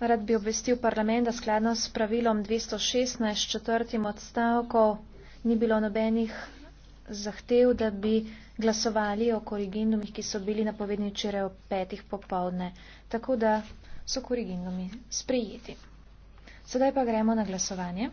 Rad bi obvestil parlament, da skladno s pravilom 216 četrtim odstavkov ni bilo nobenih zahtev, da bi glasovali o korigindumih, ki so bili napovedni včeraj o petih popovdne. Tako da so korigindumi sprejeti. Sedaj pa gremo na glasovanje.